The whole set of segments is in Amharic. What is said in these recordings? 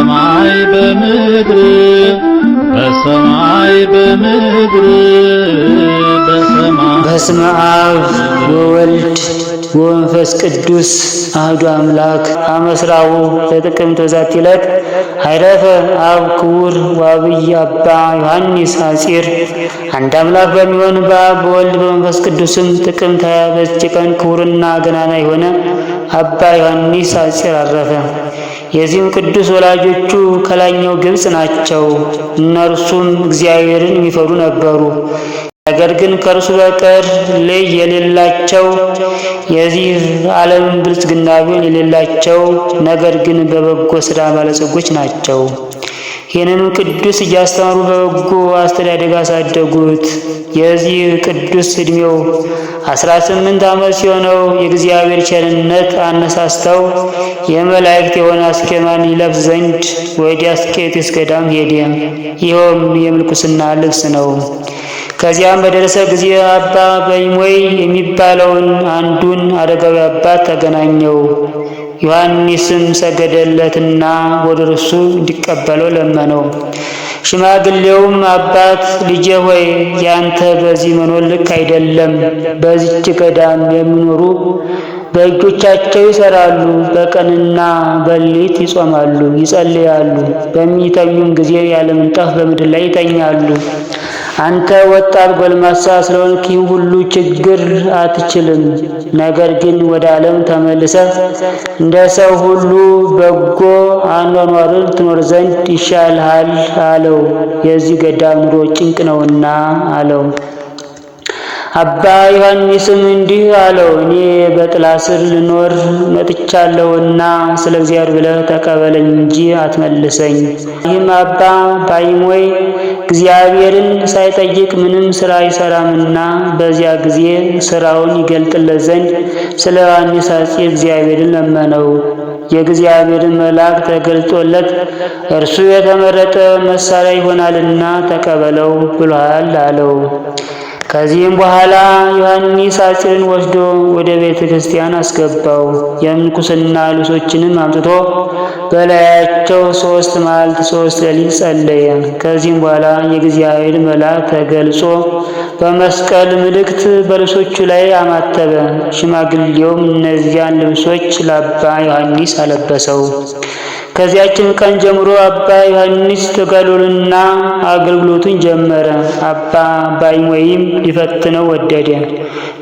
በሰማይ በምድር በሰማይ በምድር በሰማይ በስመ አብ ወወልድ ወመንፈስ ቅዱስ አህዱ አምላክ አመስራው ለጥቅምት በዛት ዕለት አይረፈ አብ ክቡር ወአብይ አባ ዮሐንስ ሐጺር አንድ አምላክ በሚሆን በአብ በወልድ በመንፈስ ቅዱስም ጥቅምት ሃያ በዚች ቀን ክቡርና ገናና የሆነ አባ ዮሐንስ ሐጺር አረፈ። የዚህም ቅዱስ ወላጆቹ ከላይኛው ግብፅ ናቸው። እነርሱም እግዚአብሔርን የሚፈሩ ነበሩ። ነገር ግን ከእርሱ በቀር ልጅ የሌላቸው የዚህ ዓለም ብልጽግና ቢሆን የሌላቸው ነገር ግን በበጎ ስራ ባለጸጎች ናቸው። ይህንንም ቅዱስ እያስተማሩ በበጎ አስተዳደግ አሳደጉት። የዚህ ቅዱስ ዕድሜው አስራ ስምንት ዓመት ሲሆነው የእግዚአብሔር ቸርነት አነሳስተው የመላእክት የሆነ አስኬማን ይለብስ ዘንድ ወደ አስቄጥስ ገዳም ሄደ። ይኸውም የምልኩስና ልብስ ነው። ከዚያም በደረሰ ጊዜ አባ በይሞይ የሚባለውን አንዱን አረጋዊ አባት ተገናኘው። ዮሐንስም ሰገደለትና ወደ እርሱ እንዲቀበለው ለመነው። ሽማግሌውም አባት ልጄ ሆይ ያንተ በዚህ መኖር ልክ አይደለም። በዚች ገዳም የሚኖሩ በእጆቻቸው ይሰራሉ፣ በቀንና በሌሊት ይጾማሉ፣ ይጸልያሉ። በሚተኙም ጊዜ ያለምንጣፍ በምድር ላይ ይተኛሉ። አንተ ወጣት ጎልማሳ ስለሆንክ ይህ ሁሉ ችግር አትችልም። ነገር ግን ወደ ዓለም ተመልሰ እንደ ሰው ሁሉ በጎ አኗኗርን ትኖር ዘንድ ይሻልሃል አለው። የዚህ ገዳም ኑሮ ጭንቅ ነውና አለው። አባ ዮሐንስም እንዲህ አለው፣ እኔ በጥላ ስር ልኖር መጥቻለሁና ስለ እግዚአብሔር ብለህ ተቀበለኝ እንጂ አትመልሰኝ። ይህም አባ ባይሞይ እግዚአብሔርን ሳይጠይቅ ምንም ስራ አይሰራምና በዚያ ጊዜ ስራውን ይገልጥለት ዘንድ ስለ ዮሐንስ አጼ እግዚአብሔርን ለመነው። የእግዚአብሔርን መልአክ ተገልጦለት እርሱ የተመረጠ መሳሪያ ይሆናልና ተቀበለው ብሏል አለው። ከዚህም በኋላ ዮሐንስ አጽን ወስዶ ወደ ቤተ ክርስቲያን አስገባው። የምንኩስና ልብሶችንም አምጥቶ በላያቸው ሶስት መዓልት ሶስት ሌሊት ጸለየ። ከዚህም በኋላ የእግዚአብሔር መልአክ ተገልጾ በመስቀል ምልክት በልብሶቹ ላይ አማተበ። ሽማግሌውም እነዚያን ልብሶች ለአባ ዮሐንስ አለበሰው። ከዚያችን ቀን ጀምሮ አባ ዮሐንስ ተጋድሎውንና አገልግሎቱን ጀመረ። አባ ባይሞይም ሊፈትነው ወደደ።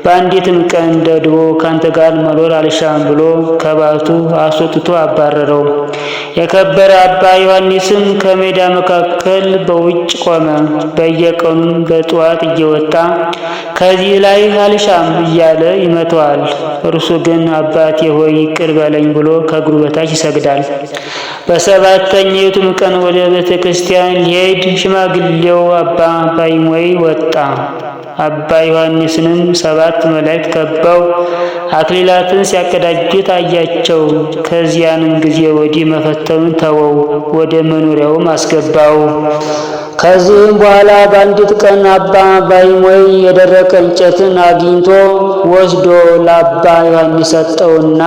በአንዲትም ቀን ደድቦ ካንተ ጋር መኖር አልሻም ብሎ ከባቱ አስወጥቶ አባረረው። የከበረ አባ ዮሐንስም ከሜዳ መካከል በውጭ ቆመ። በየቀኑም በጠዋት እየወጣ ከዚህ ላይ አልሻም እያለ ይመተዋል። እርሱ ግን አባቴ ሆይ ይቅር በለኝ ብሎ ከእግሩ በታች ይሰግዳል። በሰባተኛይቱም ቀን ወደ ቤተ ክርስቲያን ሊሄድ ሽማግሌው አባ ባይሞይ ወጣ። አባ ዮሐንስንም ሰባት መላእክት ከበው አክሊላትን ሲያቀዳጁት አያቸው። ከዚያንም ጊዜ ወዲህ መፈተኑን ተወው፣ ወደ መኖሪያውም አስገባው። ከዚህም በኋላ በአንዲት ቀን አባ ባይሞይ የደረቀ እንጨትን አግኝቶ ወስዶ ለአባ ዮሐንስ ሰጠውና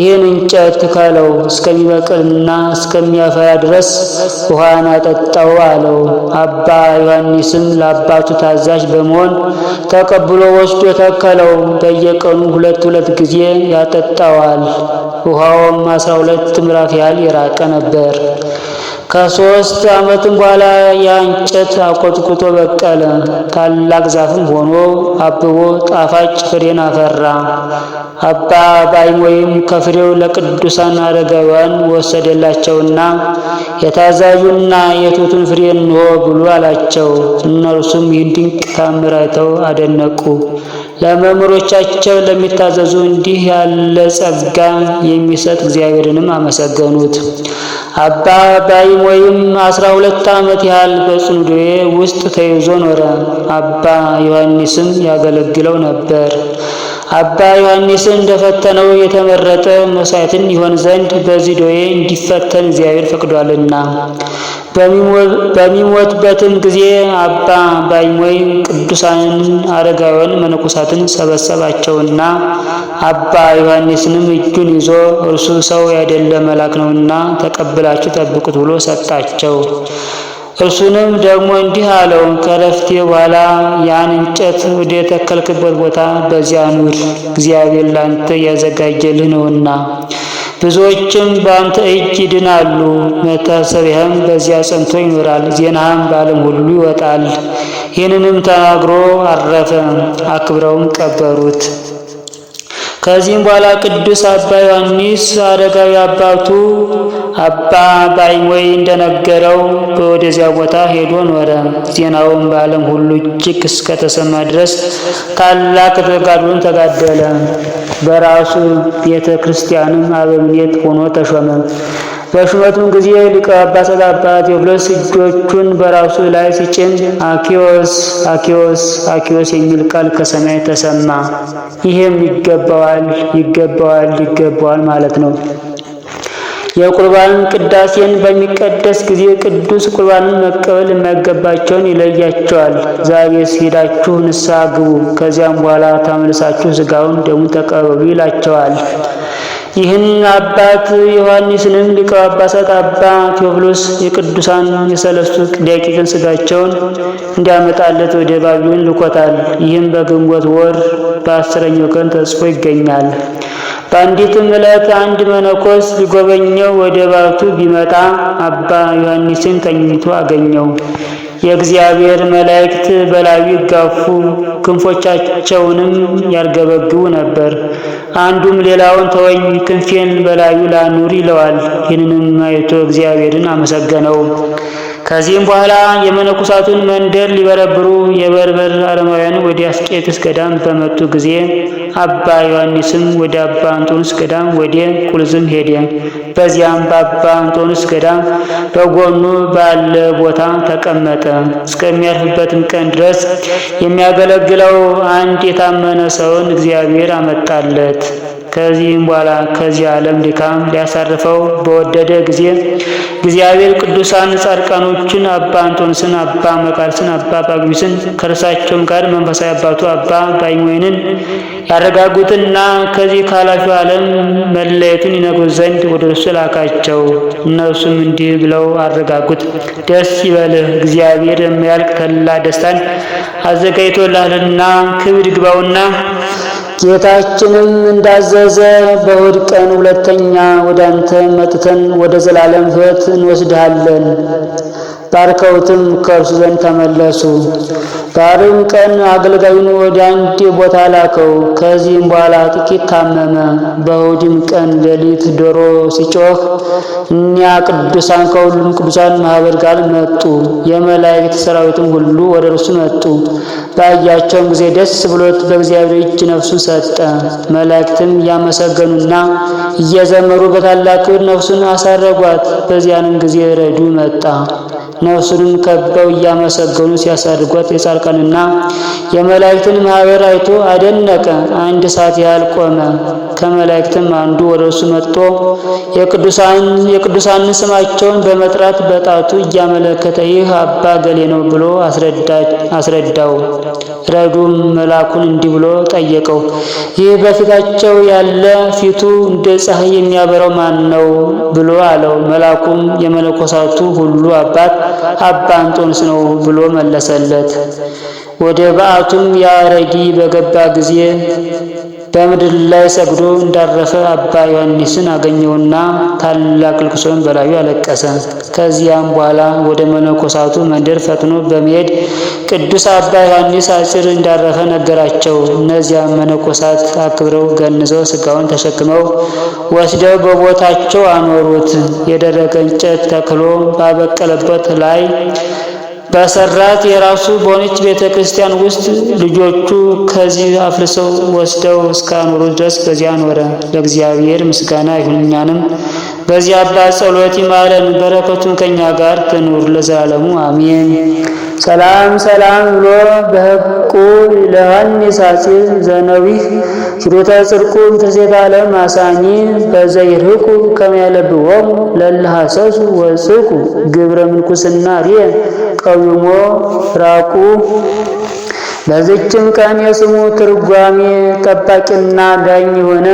ይህን እንጨት ከለው እስከሚበቅልና እስከሚያፈራ ድረስ ውሃን አጠጣው አለው። አባ ዮሐንስም ለአባቱ ታዛዥ በመሆን ሲሆን ተቀብሎ ወስዶ ተከለው በየቀኑ ሁለት ሁለት ጊዜ ያጠጣዋል። ውሃውም አስራ ሁለት ምዕራፍ ያህል የራቀ ነበር። ከሶስት ዓመትም በኋላ ያ እንጨት አቆጥቁጦ በቀለ፣ ታላቅ ዛፍም ሆኖ አብቦ ጣፋጭ ፍሬን አፈራ። አባ ወይም ከፍሬው ለቅዱሳን አረጋውያን ወሰደላቸውና የታዛዡና የቱቱን ፍሬ እንሆ ብሉ አላቸው። እነርሱም ይህን ድንቅ ታምር አይተው አደነቁ። ለመምህሮቻቸው ለሚታዘዙ እንዲህ ያለ ጸጋ የሚሰጥ እግዚአብሔርንም አመሰገኑት። አባ ወይም አስራ ሁለት ዓመት ያህል በጽኑ ደዌ ውስጥ ተይዞ ኖረ። አባ ዮሐንስም ያገለግለው ነበር። አባ ዮሐንስን እንደፈተነው የተመረጠ መሳይትን ይሆን ዘንድ በዚህ ደዌ እንዲፈተን እግዚአብሔር ፈቅዷልና በሚሞትበትም ጊዜ አባ ባይሞይ ቅዱሳንን አረጋውያን መነኮሳትን ሰበሰባቸውና አባ ዮሐንስንም እጁን ይዞ እርሱ ሰው ያደለ መልአክ ነውና ተቀብላችሁ ጠብቁት ብሎ ሰጣቸው። እርሱንም ደግሞ እንዲህ አለው፣ ከረፍቴ በኋላ ያን እንጨት ወደ የተከልክበት ቦታ በዚያ ኑር፣ እግዚአብሔር ላንተ ያዘጋጀልህ ነውና ብዙዎችም በአንተ እጅ ይድናሉ፣ መታሰቢያም በዚያ ጸንቶ ይኖራል፣ ዜናህም በዓለም ሁሉ ይወጣል። ይህንንም ተናግሮ አረፈ፣ አክብረውም ቀበሩት። ከዚህም በኋላ ቅዱስ አባ ዮሐንስ አረጋዊ አባቱ አባ ባይሞይ እንደነገረው በወደዚያ ቦታ ሄዶ ኖረ። ዜናውን በዓለም ሁሉ እጅግ እስከተሰማ ድረስ ታላቅ ተጋድሎን ተጋደለ። በራሱ ቤተ ክርስቲያንም አበምኔት ሆኖ ተሾመ። በሹመቱም ጊዜ ሊቀ ጳጳሳት አባ ቴዎፍሎስ እጆቹን በራሱ ላይ ሲጭን አኪዎስ አኪዎስ አኪዎስ የሚል ቃል ከሰማይ ተሰማ። ይህም ይገባዋል ይገባዋል ይገባዋል ማለት ነው። የቁርባን ቅዳሴን በሚቀደስ ጊዜ ቅዱስ ቁርባንን መቀበል የማይገባቸውን ይለያቸዋል። ዛሬ ሄዳችሁ ንስሐ ግቡ፣ ከዚያም በኋላ ተመልሳችሁ ስጋውን ደሙን ተቀበሉ ይላቸዋል። ይህን አባት ዮሐንስንም ሊቀ ጳጳሳት አባ ቴዎፍሎስ የቅዱሳን የሰለስቱ ደቂቅን ስጋቸውን እንዲያመጣለት ወደ ባቢሎን ልኮታል። ይህም በግንቦት ወር በአስረኛው ቀን ተጽፎ ይገኛል። በአንዲትም ዕለት አንድ መነኮስ ሊጎበኘው ወደ ባቱ ቢመጣ አባ ዮሐንስን ተኝቶ አገኘው። የእግዚአብሔር መላእክት በላዩ ይጋፉ ክንፎቻቸውንም ያርገበግቡ ነበር። አንዱም ሌላውን ተወኝ ክንፌን በላዩ ላኑር ይለዋል። ይህንንም አይቶ እግዚአብሔርን አመሰገነው። ከዚህም በኋላ የመነኮሳቱን መንደር ሊበረብሩ የበርበር አረማውያን ወደ አስቄጥስ ገዳም በመጡ ጊዜ አባ ዮሐንስም ወደ አባ አንጦንስ ገዳም ወደ ቁልዝም ሄደ። በዚያም በአባ አንጦንስ ገዳም በጎኑ ባለ ቦታ ተቀመጠ። እስከሚያርፍበትም ቀን ድረስ የሚያገለግለው አንድ የታመነ ሰውን እግዚአብሔር አመጣለት። ከዚህም በኋላ ከዚህ ዓለም ድካም ሊያሳርፈው በወደደ ጊዜ እግዚአብሔር ቅዱሳን ጻድቃኖችን አባ አንቶንስን፣ አባ መቃርስን፣ አባ ጳጉሚስን ከእርሳቸውም ጋር መንፈሳዊ አባቱ አባ ባይሞይንን ያረጋጉትና ከዚህ ከኃላፊው ዓለም መለየቱን ይነግሩት ዘንድ ወደ እርሱ ላካቸው። እነርሱም እንዲህ ብለው አረጋጉት። ደስ ይበልህ፣ እግዚአብሔር የሚያልቅ ተላ ደስታን አዘጋጅቶልሃልና ክብር ይግባውና ጌታችንም እንዳዘዘ በእሑድ ቀን ሁለተኛ ወደ አንተ መጥተን ወደ ዘላለም ሕይወት እንወስድሃለን ባርከውትም ከእርሱ ዘንድ ተመለሱ። ባርም ቀን አገልጋዩን ወደ አንድ ቦታ ላከው። ከዚህም በኋላ ጥቂት ታመመ። በእሁድም ቀን ሌሊት ዶሮ ሲጮህ እኒያ ቅዱሳን ከሁሉም ቅዱሳን ማኅበር ጋር መጡ። የመላእክት ሰራዊትም ሁሉ ወደ እርሱ መጡ። ባያቸውም ጊዜ ደስ ብሎት በእግዚአብሔር እጅ ነፍሱን ሰጠ። መላእክትም እያመሰገኑና እየዘመሩ በታላቅ ነፍሱን አሳረጓት። በዚያንም ጊዜ ረዱ መጣ። መውሰዱን ከበው እያመሰገኑ ሲያሳድጓት የጻድቃንና የመላእክትን ማህበር አይቶ አደነቀ። አንድ ሰዓት ያህል ቆመ። ከመላእክትም አንዱ ወደ እርሱ መጥቶ የቅዱሳንን ስማቸውን በመጥራት በጣቱ እያመለከተ ይህ አባ ገሌ ነው ብሎ አስረዳው። ረዱም መልአኩን እንዲህ ብሎ ጠየቀው፣ ይህ በፊታቸው ያለ ፊቱ እንደ ፀሐይ የሚያበራው ማን ነው ብሎ አለው። መልአኩም የመነኮሳቱ ሁሉ አባት አባ እንጦንስ ነው ብሎ መለሰለት። ወደ በዓቱም ያረጊ በገባ ጊዜ በምድር ላይ ሰግዶ እንዳረፈ አባ ዮሐንስን አገኘውና ታላቅ ልቅሶን በላዩ አለቀሰ። ከዚያም በኋላ ወደ መነኮሳቱ መንደር ፈጥኖ በመሄድ ቅዱስ አባ ዮሐንስ አጭር እንዳረፈ ነገራቸው። እነዚያ መነኮሳት አክብረው ገንዘው ስጋውን ተሸክመው ወስደው በቦታቸው አኖሩት። የደረቀ እንጨት ተክሎ ባበቀለበት ላይ በሰራት የራሱ በሆነች ቤተ ክርስቲያን ውስጥ ልጆቹ ከዚህ አፍልሰው ወስደው እስካኖሩት ድረስ በዚያ ኖረ። ለእግዚአብሔር ምስጋና ይሁን እኛንም በዚህ አባት ጸሎት ይማረን፣ በረከቱን ከኛ ጋር ትኑር ለዘላለሙ አሜን። ሰላም ሰላም ብሎ በህቁ ለዮሐንስ አፂር ዘነዊህ ሂሩተ ጽድቁ ትሴት ዓለም አሳኒ በዘይርህቁ ከመያለብዎሙ ለልሃሰሱ ወጽቁ ግብረ ምንኩስና ሪየ ቀዊሞ ራቁ በዚችም ቀን የስሙ ትርጓሜ ጠባቂና ዳኝ የሆነ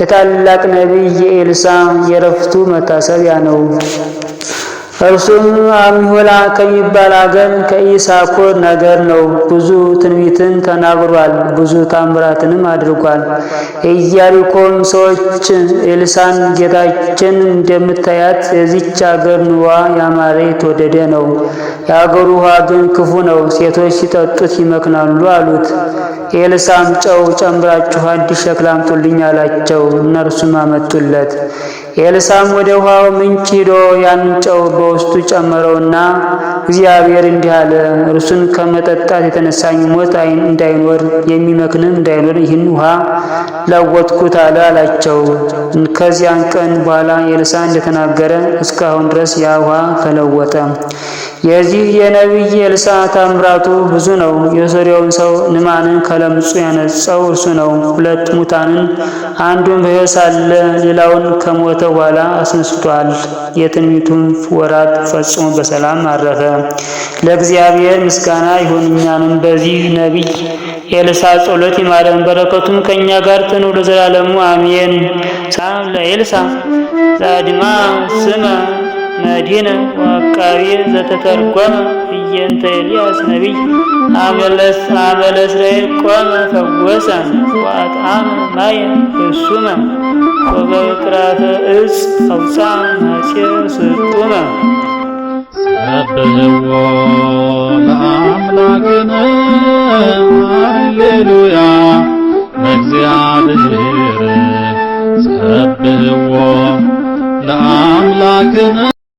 የታላቅ ነቢይ የኤልሳ የረፍቱ መታሰቢያ ነው። እርሱም አሚሆላ ከሚባል አገር ከኢሳኮር ነገር ነው። ብዙ ትንቢትን ተናግሯል፣ ብዙ ታምራትንም አድርጓል። የኢያሪኮም ሰዎች ኤልሳን ጌታችን እንደምታያት የዚች አገር ንዋ ያማረ የተወደደ ነው፣ የአገሩ ውሃ ግን ክፉ ነው፣ ሴቶች ሲጠጡት ይመክናሉ አሉት። የልሳም ጨው ጨምራችሁ አዲስ ሸክላ አምጡልኝ አላቸው። እነርሱም አመጡለት። ኤልሳም ወደ ውሃው ምንጭ ሂዶ ያን ጨው በውስጡ ጨመረውና እግዚአብሔር እንዲህ አለ፣ እርሱን ከመጠጣት የተነሳኝ ሞት እንዳይኖር የሚመክንም እንዳይኖር ይህን ውሃ ላወጥኩት አለ አላቸው። ከዚያን ቀን በኋላ ኤልሳ እንደተናገረ እስካሁን ድረስ ያ ውሃ ተለወጠ። የዚህ የነቢይ ኤልሳ ታምራቱ ብዙ ነው። የሶርያውን ሰው ከ ለምጹ ያነጻው እርሱ ነው። ሁለት ሙታንን አንዱን በሕይወት ሳለ ሌላውን ከሞተ በኋላ አስነስቷል። የትንቢቱን ወራት ፈጽሞ በሰላም አረፈ። ለእግዚአብሔር ምስጋና ይሁን። እኛንም በዚህ ነቢይ ኤልሳ ጸሎት ይማረን፣ በረከቱም ከእኛ ጋር ትኑር ለዘላለሙ አሜን። ሳም ለኤልሳ ዛድማ ስመ መዲነ ወአቃቤ ዘተተርጎመ ፍየንተ ኤልያስ ነቢይ አመለስ አመለ እስራኤል ቆመ ፈወሰ ወአጣም ማየ ፍሱመ ወበቅራተ እጽ አውፃ ናሴ ስጡመ አብህዎ ለአምላክነ ሃሌሉያ ለእግዚአብሔር ሰብህዎ ለአምላክነ